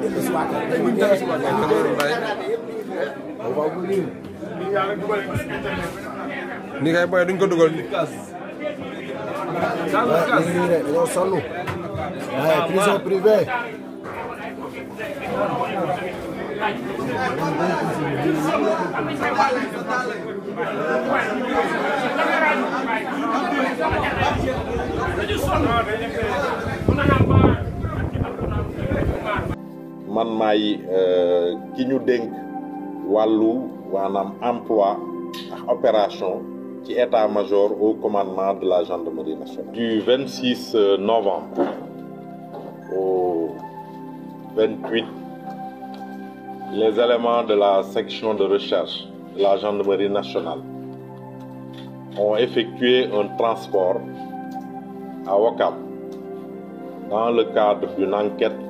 ni kay booy duñ ko dugal ni dañoo sonn waaye prison privé dañu sonn man maay euh, ki ñu dénk wàllu maanaam emploi opération ci état major au commandement de la gendarmerie nationale. du 26 euh, novembre de la section de recherche de la gendarmerie nationale ont effectué un transport le cadre